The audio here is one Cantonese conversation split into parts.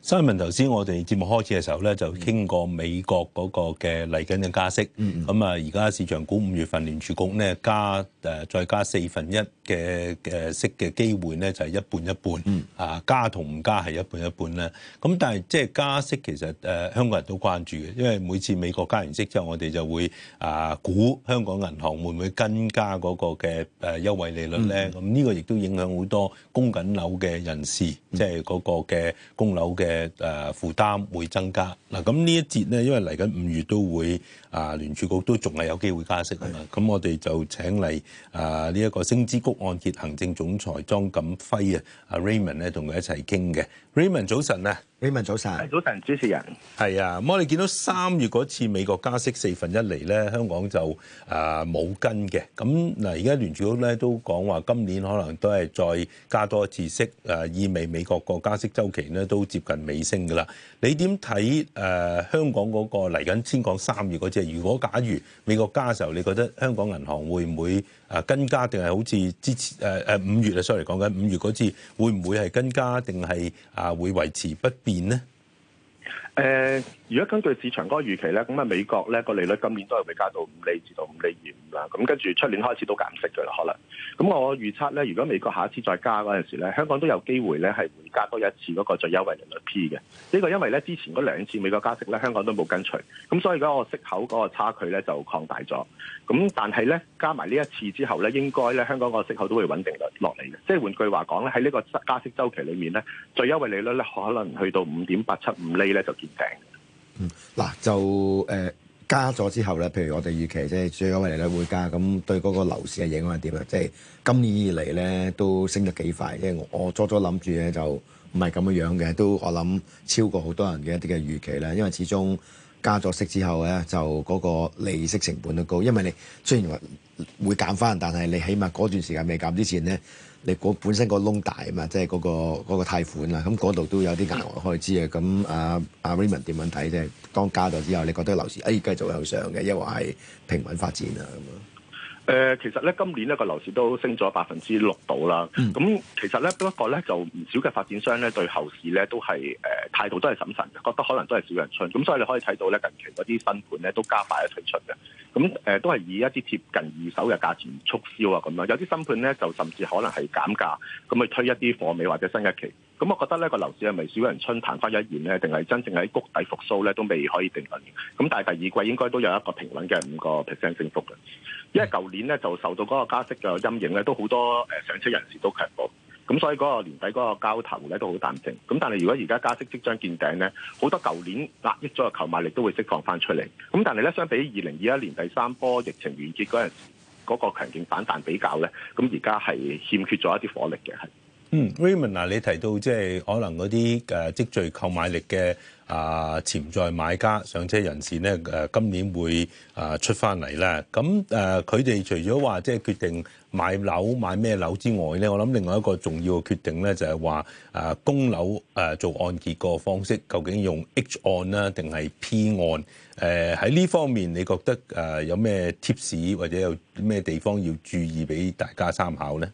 所以文頭先，Simon，我哋節目開始嘅時候咧，就傾過美國嗰個嘅嚟緊嘅加息。咁啊、嗯，而家市場估五月份聯儲局咧加誒再加四分一嘅嘅息嘅機會咧，就係一半一半啊，嗯、加同唔加係一半一半咧。咁但係即係加息其實誒香港人都關注嘅，因為每次美國加完息之後，我哋就會啊估香港銀行會唔會跟加嗰個嘅誒優惠利率咧？咁呢、嗯、個亦都影響好多供緊樓嘅人士，即係嗰個嘅供樓嘅。嘅誒負擔會增加嗱，咁呢一節咧，因為嚟緊五月都會啊聯儲局都仲係有機會加息嘅嘛，咁的我哋就請嚟啊呢一個星之谷按揭行政總裁莊錦輝啊，阿 Raymond 咧同佢一齊傾嘅。Raymond 早晨啊，Raymond 早晨，早晨主持人。係啊，咁我哋見到三月嗰次美國加息四分一厘咧，香港就啊冇跟嘅。咁嗱，而家聯儲局咧都講話今年可能都係再加多一次息，誒、啊、意味美國個加息週期咧都接近尾聲噶啦，你點睇誒香港嗰個嚟緊？先講三月嗰支，如果假如美國加嘅時候，你覺得香港銀行會唔會啊跟加，定係好似之前誒誒五月啊，sorry，嚟講緊五月嗰支，會唔會係跟加，定係啊會維持不變呢？誒、呃，如果根據市場嗰個預期咧，咁啊美國咧個利率今年都係會加到五厘至到五厘二五啦。咁跟住出年開始都減息嘅啦，可能。咁我預測咧，如果美國下一次再加嗰陣時咧，香港都有機會咧係會加多一次嗰個最優惠利率 P 嘅。呢、呢個因為咧之前嗰兩次美國加息咧，香港都冇跟隨，咁所以嗰個息口嗰個差距咧就擴大咗。咁但係咧加埋呢一次之後咧，應該咧香港個息口都會穩定落落嚟嘅。即係換句話講咧，喺呢個加息週期裡面咧，最優惠利率咧可能去到五點八七五厘咧就 Okay. 嗯嗱就誒、呃、加咗之後咧，譬如我哋預期即係最後嚟咧會加，咁對嗰個樓市嘅影響係點啊？即、就、係、係、今年以嚟咧都升得幾快，因為我初初諗住咧就唔係咁嘅樣嘅，都我諗超過好多人嘅一啲嘅預期啦。因為始終加咗息之後咧，就嗰個利息成本都高，因為你雖然話會減翻，但係你起碼嗰段時間未減之前咧。你本身個窿大啊嘛，即係嗰個嗰、嗰個貸款啦、啊，咁嗰度都有啲額外開支啊。咁阿阿 Raymond 點樣睇？即係當加咗之後，你覺得樓市誒繼續向上嘅，抑或係平穩發展啊咁啊？誒、呃，其實咧今年咧個樓市都升咗百分之六度啦。咁、嗯、其實咧不過咧就唔少嘅發展商咧對後市咧都係誒、呃、態度都係審慎嘅，覺得可能都係少人出。咁所以你可以睇到咧近期嗰啲新盤咧都加快咗推出嘅。咁、嗯呃、都係以一啲貼近二手嘅價錢促銷啊，咁樣有啲新盤咧就甚至可能係減價，咁去推一啲貨尾或者新一期。咁、嗯、我覺得呢個樓市係咪小陽春曇花一現呢？定係真正喺谷底復甦呢？都未可以定論。咁但係第二季應該都有一個平穩嘅五個 percent 升幅嘅。因為舊年呢，就受到嗰個加息嘅陰影呢，都好多誒上車人士都強暴，咁所以嗰個年底嗰個交投呢，都好淡靜。咁但係如果而家加息即將見頂呢，好多舊年壓抑咗嘅購買力都會釋放翻出嚟。咁但係咧相比二零二一年第三波疫情完結嗰陣嗰個強勁反彈比較呢，咁而家係欠缺咗一啲火力嘅。嗯，Raymond 你提到即係可能嗰啲誒積聚購買力嘅啊潛在買家上車人士咧、啊、今年會出啊出翻嚟啦。咁誒佢哋除咗話即係決定買樓買咩樓之外咧，我諗另外一個重要嘅決定咧就係、是、話啊供樓啊做按揭個方式，究竟用 H 案啦定係 P 案？誒喺呢方面，你覺得誒、啊、有咩 tips 或者有咩地方要注意俾大家參考咧？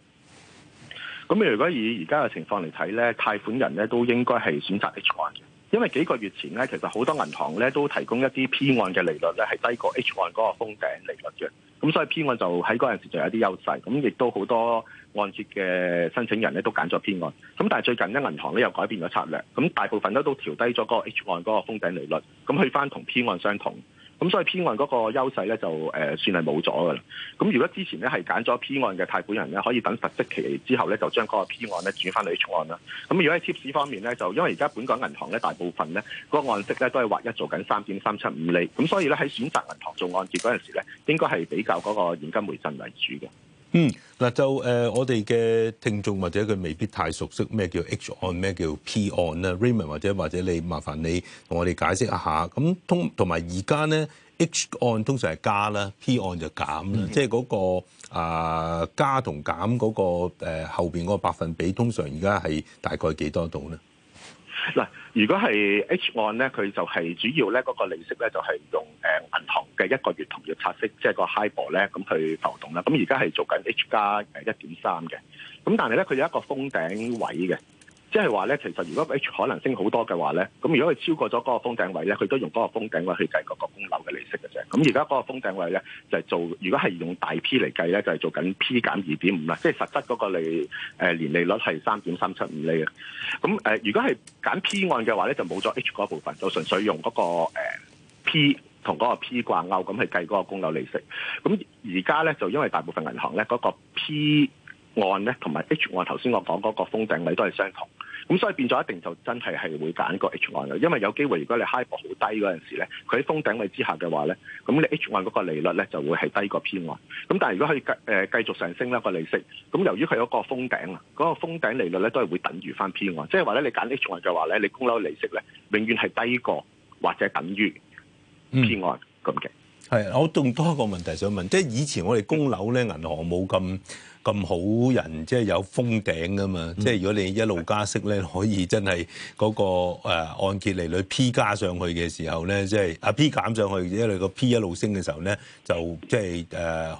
咁如果以而家嘅情況嚟睇咧，貸款人咧都應該係選擇 H 案嘅，因為幾個月前咧，其實好多銀行咧都提供一啲 P 案嘅利率咧，係低過 H 案嗰個封頂利率嘅。咁所以 P 案就喺嗰陣時就有啲優勢，咁亦都好多按揭嘅申請人咧都揀咗 P 案。咁但係最近啲銀行咧又改變咗策略，咁大部分咧都調低咗個 H 案嗰個封頂利率，咁去返同 P 案相同。咁所以 P 按嗰個優勢咧就誒算係冇咗噶啦。咁如果之前咧係揀咗 P 按嘅貸款人咧，可以等罰息期之後咧，就將嗰個 P 按咧轉翻去做 H 按啦。咁如果喺貼士方面咧，就因為而家本港銀行咧大部分咧嗰個按息咧都係劃一做緊三點三七五厘，咁所以咧喺選擇銀行做按揭嗰陣時咧，應該係比較嗰個現金回贈為主嘅。嗯，嗱就誒、呃，我哋嘅聽眾或者佢未必太熟悉咩叫 H 按，咩叫 P 按啦，Raymond 或者或者你麻煩你同我哋解釋一下。咁通同埋而家咧，H 按通常係加啦，P 按就減啦，嗯、哼即係嗰、那個啊、呃、加同減嗰、那個、呃、後後邊嗰個百分比，通常而家係大概幾多度咧？嗱，如果係 H 按咧，佢就係主要咧嗰個利息咧就係用誒銀行嘅一個月同業拆息，即係個 HIBOR 咧咁去浮動啦。咁而家係做緊 H 加誒一點三嘅，咁但係咧佢有一個封頂位嘅。即係話咧，其實如果 H 可能升好多嘅話咧，咁如果佢超過咗嗰個封頂位咧，佢都用嗰個封頂位去計嗰個供樓嘅利息嘅啫。咁而家嗰個封頂位咧就係、是、做，如果係用大 P 嚟計咧，就係、是、做緊 P 減二點五啦，5，即係實質嗰個利誒年、呃、利率係三點三七五厘嘅。咁誒、呃，如果係揀 P 案嘅話咧，就冇咗 H 嗰部分，就純粹用嗰、嗰個、呃、P 同嗰個 P 掛鈎咁去計嗰個供樓利息。咁而家咧就因為大部分銀行咧嗰、嗰個 P 案咧同埋 H 案頭先我講嗰個封頂位都係相同。咁所以變咗一定就真係係會揀個 H 按啦，因為有機會如果你 high 好低嗰陣時咧，佢喺封頂位之下嘅話咧，咁你 H 按嗰個利率咧就會係低過 P 按。咁但係如果佢繼誒繼續上升啦個利息，咁由於佢有個封頂啦，嗰個封頂利率咧都係會等於返 P 按，即係話咧你揀 H 按嘅話咧，你供樓利息咧永遠係低過或者等於 P 按咁嘅。係，我仲多一個問題想問，即係以前我哋供樓咧，銀行冇咁。咁好人即係有封頂噶嘛？嗯、即係如果你一路加息咧，是的 可以真係嗰、那個嗰個誒、呃、按揭利率 P 加上去嘅時候咧，即係啊 P 減上去，即係你個 P 一路升嘅時候咧，就即係誒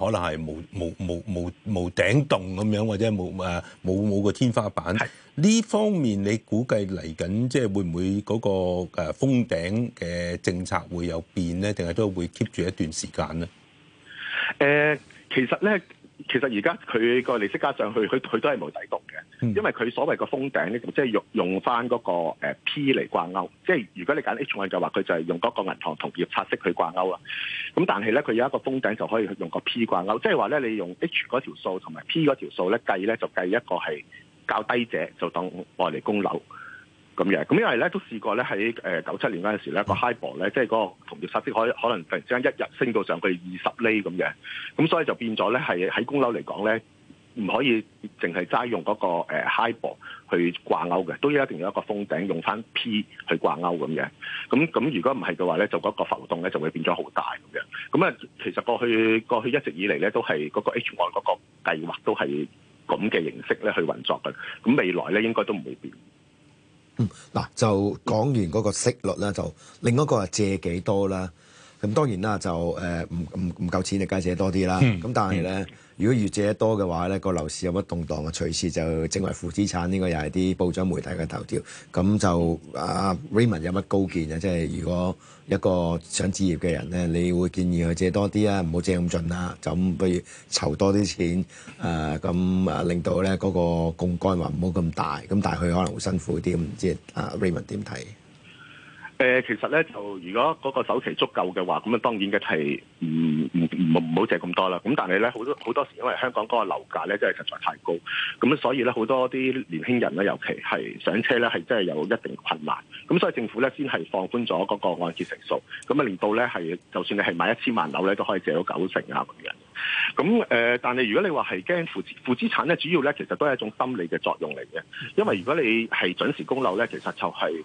可能係冇冇冇冇無頂洞咁樣，或者冇誒冇冇個天花板。呢是的 方面你估計嚟緊即係會唔會嗰個誒封頂嘅政策會有變咧，定係都會 keep 住一段時間咧？誒、呃、其實咧。其實而家佢個利息加上去，佢佢都係冇底洞嘅，因為佢所謂個封頂咧，即係用用翻嗰個 P 嚟掛鈎，即係如果你揀 H 嘅話，佢就係用嗰個銀行同業拆息去掛鈎啊。咁但係咧，佢有一個封頂就可以用個 P 掛鈎，即係話咧，你用 H 嗰條數同埋 P 嗰條數咧計咧，就計一個係較低者就當外嚟供樓。咁樣，咁因為咧都試過咧喺誒九七年嗰陣時咧個 HIBOR 咧，即係嗰個同業拆息可可能突然之間一日升到上去二十厘咁樣，咁所以就變咗咧係喺供樓嚟講咧，唔可以淨係齋用嗰、嗰個、呃、HIBOR 去掛鈎嘅，都一定要有一個封頂，用翻 P 去掛鈎咁樣，咁咁如果唔係嘅話咧，就嗰個浮動咧就會變咗好大咁樣。咁啊，其實過去過去一直以嚟咧都係嗰個 H 按嗰個計劃都係咁嘅形式咧去運作嘅，咁未來咧應該都唔會變。嗯，嗱就講完嗰個息率啦，就另一個係借幾多啦。咁當然啦，就誒唔唔唔夠錢你梗係借多啲啦。咁、嗯、但係呢咧。嗯如果越借得多嘅話咧，個樓市有乜動盪啊？隨時就整為負資產，呢個又係啲報章媒體嘅頭條。咁就、啊、Raymond 有乜高見啊？即係如果一個想置業嘅人咧，你會建議佢借多啲啊，唔好借咁盡啦。就咁不如籌多啲錢啊，咁啊令到咧嗰個槓桿話唔好咁大。咁但係佢可能會辛苦啲，咁唔知阿、啊、Raymond 點睇？誒、呃，其實咧就如果嗰個首期足夠嘅話，咁啊當然嘅係唔唔唔唔好借咁多啦。咁但係咧好多好多時，因為香港嗰個樓價咧真係實在太高，咁所以咧好多啲年輕人咧，尤其係上車咧係真係有一定困難。咁所以政府咧先係放寬咗嗰個按揭成數，咁啊令到咧係就算你係買一千萬樓咧，都可以借到九成啊咁樣。咁誒、呃，但係如果你話係驚負資負資產咧，主要咧其實都係一種心理嘅作用嚟嘅。因為如果你係準時供樓咧，其實就係、是。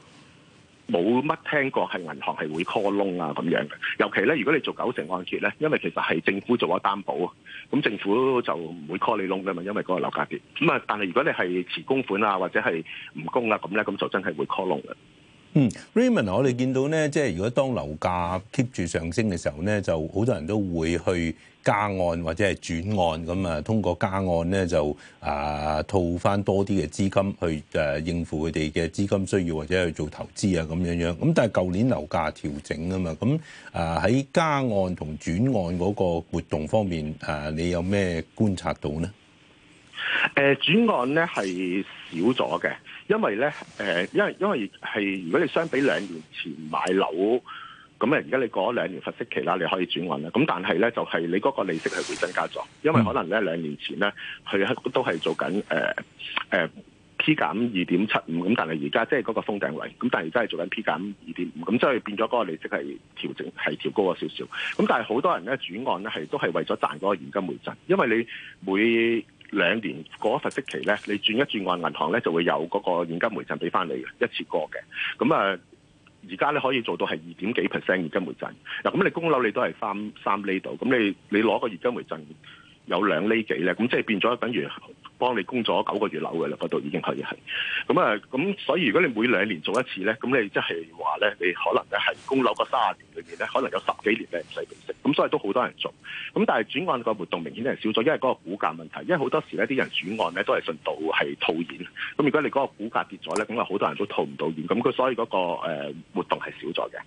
冇乜聽過係銀行係會 call 窿啊咁樣嘅，尤其咧如果你做九成按揭咧，因為其實係政府做咗擔保啊，咁政府就唔會 call 你窿噶嘛，因為嗰個樓價跌。咁啊，但係如果你係遲供款啊，或者係唔供啊，咁咧咁就真係會 call 窿嘅。嗯，Raymond，我哋見到咧，即係如果當樓價 keep 住上升嘅時候咧，就好多人都會去加按或者係轉按咁啊。通過加按咧就啊套翻多啲嘅資金去誒、啊、應付佢哋嘅資金需要或者去做投資啊咁樣樣。咁但係舊年樓價調整啊嘛，咁啊喺加按同轉按嗰個活動方面啊，你有咩觀察到咧？誒、轉、呃、按咧係少咗嘅。因為咧，誒、呃，因為因為係如果你相比兩年前買樓，咁啊，而家你過咗兩年罰息期啦，你可以轉按啦。咁但係咧，就係、是、你嗰個利息係會增加咗，因為可能咧兩年前咧，佢都係做緊誒誒 P 減二點七五，咁但係而家即係嗰個封頂位，咁但係真係做緊 P 減二點五，咁即係變咗嗰個利息係調整係調高咗少少。咁但係好多人咧轉按咧係都係為咗賺嗰個現金回贈，因為你每兩年過咗罰息期咧，你轉一轉按銀行咧就會有嗰個現金回贈俾翻你嘅，一次過嘅。咁啊，而家咧可以做到係二點幾 percent 現金回贈。嗱、呃，咁你供樓你都係三三厘度，咁你你攞個現金回贈有兩厘幾咧，咁即係變咗等於。幫你供咗九個月樓嘅啦，嗰度已經可以係，咁啊，咁所以如果你每兩年做一次咧，咁你即係話咧，你可能咧係供樓個三十年裏面咧，可能有十幾年咧唔使畀息，咁所以都好多人做，咁但係轉按個活動明顯係少咗，因為嗰個估價問題，因為好多時咧啲人轉按咧都係順道係套現，咁如果你嗰個估價跌咗咧，咁啊好多人都套唔到現，咁佢所以嗰個呃活動係少咗嘅。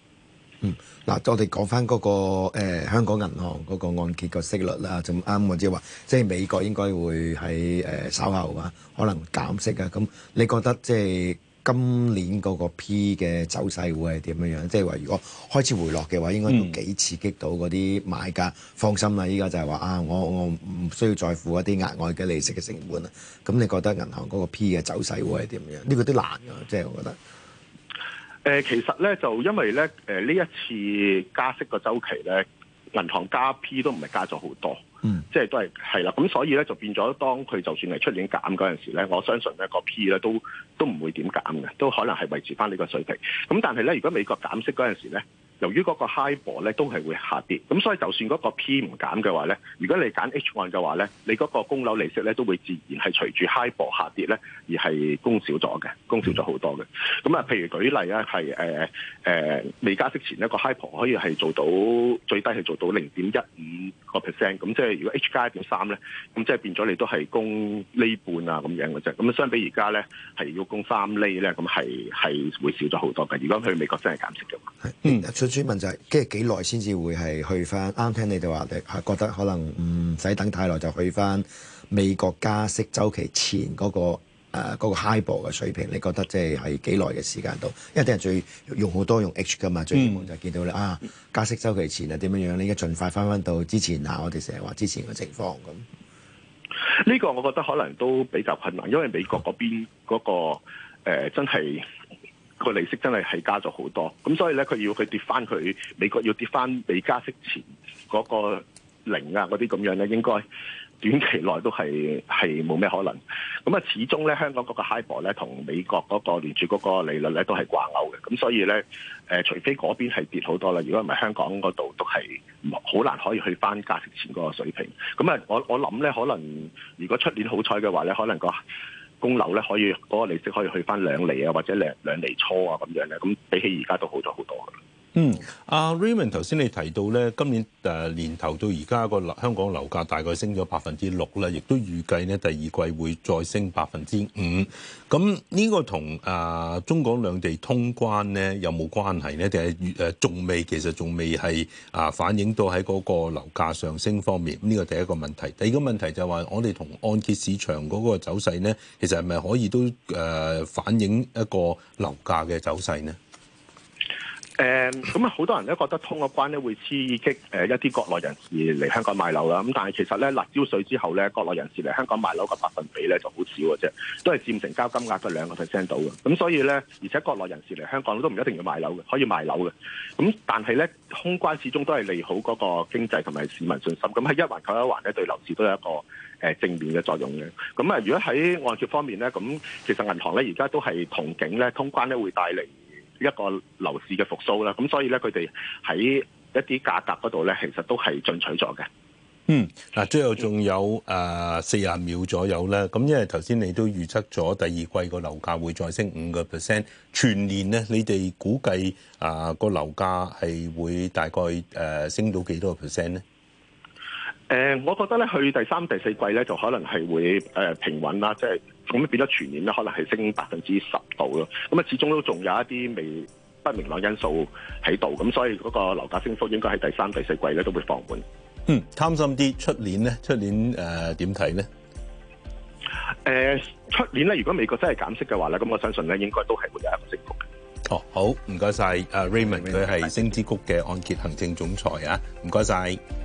嗯，嗱、嗰個，我哋講翻嗰個香港銀行嗰個按揭個息率啦，就啱我即係話，即係美國應該會喺誒、呃、稍後啊，可能減息啊。咁你覺得即係今年嗰個 P 嘅走勢會係點樣樣？即係話如果開始回落嘅話，應該幾刺激到嗰啲買家、嗯、放心啦。依家就係話啊，我我唔需要再付一啲額外嘅利息嘅成本啊。咁你覺得銀行嗰個 P 嘅走勢會係點樣？呢、呢個都難㗎，即係我覺得。呃、其實咧就因為咧、呃、呢一次加息個周期咧，銀行加 P 都唔係加咗好多，嗯，即係都係係啦，咁所以咧就變咗當佢就算係出年減嗰陣時咧，我相信咧個 P 咧都都唔會點減嘅，都可能係維持返呢個水平。咁但係咧，如果美國減息嗰陣時咧。由於嗰個 HIBOR 咧都係會下跌，咁所以就算嗰個 P 唔減嘅話咧，如果你揀 H 按嘅話咧，你嗰個供樓利息咧都會自然係隨住 HIBOR 下跌咧，而係供少咗嘅，供少咗好多嘅。咁啊，譬如舉例啊，係誒誒未加息前呢個 HIBOR 可以係做到最低係做到零點一五個 percent，咁即係如果 H 加一點三咧，咁即係變咗你都係供厘半啊咁樣嘅啫。咁相比而家咧係要供三厘咧，咁係係會少咗好多嘅。如果去美國真係減息嘅話，嗯。主問就係，即係幾耐先至會係去翻？啱聽你哋話，你係覺得可能唔使等太耐就去翻美國加息週期前嗰、嗰個誒、呃那個、high ball 嘅水平？你覺得即係係幾耐嘅時間度？因為啲人最用好多用 H 㗎嘛，最希望就係見到咧、嗯、啊加息週期前啊點樣樣，你應該盡快翻翻到之前啊！我哋成日話之前嘅情況咁。呢個我覺得可能都比較困難，因為美國嗰邊嗰、嗰個、呃、真係。個利息真係係加咗好多，咁所以咧，佢要佢跌翻佢美國要跌翻未加息前嗰個零啊嗰啲咁樣咧，應該短期內都係係冇咩可能。咁啊，始終咧香港嗰個 HIBOR 咧同美國嗰個聯儲嗰個利率咧都係掛鈎嘅，咁所以咧誒、呃，除非嗰邊係跌好多啦，如果唔係香港嗰度都係好難可以去翻加息前嗰個水平。咁啊，我我諗咧，可能如果出年好彩嘅話咧，可能、嗰個供樓咧可以嗰個利息可以去翻兩厘啊，或者兩兩厘初啊咁樣咧，咁比起而家都好咗好多嘅。嗯，阿 Raymond，頭先你提到咧，今年、呃、年頭到而家個樓香港樓價大概升咗百分之六啦，亦都預計咧第二季會再升百分之五。咁呢個同啊、呃、中港兩地通關咧有冇關係咧？定係仲未？其實仲未係啊反映到喺嗰個樓價上升方面。咁呢個第一個問題。第二個問題就係話，我哋同按揭市場嗰個走勢咧，其實係咪可以都誒、呃、反映一個樓價嘅走勢呢？誒咁啊，好、嗯、多人咧覺得通個關咧會刺激誒一啲國內人士嚟香港買樓啦。咁但係其實咧，辣招稅之後咧，國內人士嚟香港買樓嘅百分比咧就好少嘅啫，都係佔成交金額嘅兩個 percent 度嘅。咁所以咧，而且國內人士嚟香港都唔一定要買樓嘅，可以賣樓嘅。咁但係咧，通關始終都係利好嗰個經濟同埋市民信心。咁喺一環扣一環咧，對樓市都有一個誒正面嘅作用嘅。咁啊，如果喺按揭方面咧，咁其實銀行咧而家都係憧憬咧通關咧會帶嚟。一個樓市嘅復甦啦，咁所以咧，佢哋喺一啲價格嗰度咧，其實都係進取咗嘅。嗯，嗱，最後仲有誒四十秒左右啦。咁因為頭先你都預測咗第二季個樓價會再升五個 percent，全年咧，你哋估計啊、呃那個樓價係會大概誒、呃、升到幾多個 percent 咧？誒、呃，我覺得咧，去第三、第四季咧，就可能係會誒、呃、平穩啦，即係。咁啊，變咗全年咧，可能係升百分之十度咯。咁啊，始終都仲有一啲未不明朗因素喺度，咁所以嗰個樓價升幅應該喺第三、第四季咧都會放緩。嗯，貪心啲出年咧，出年誒點睇咧？誒出年咧，如果美國真係減息嘅話咧，咁我相信咧應該都係會有一個升幅嘅。哦，好，唔該曬。阿 Raymond 佢係星之谷嘅按揭行政總裁啊，唔該曬。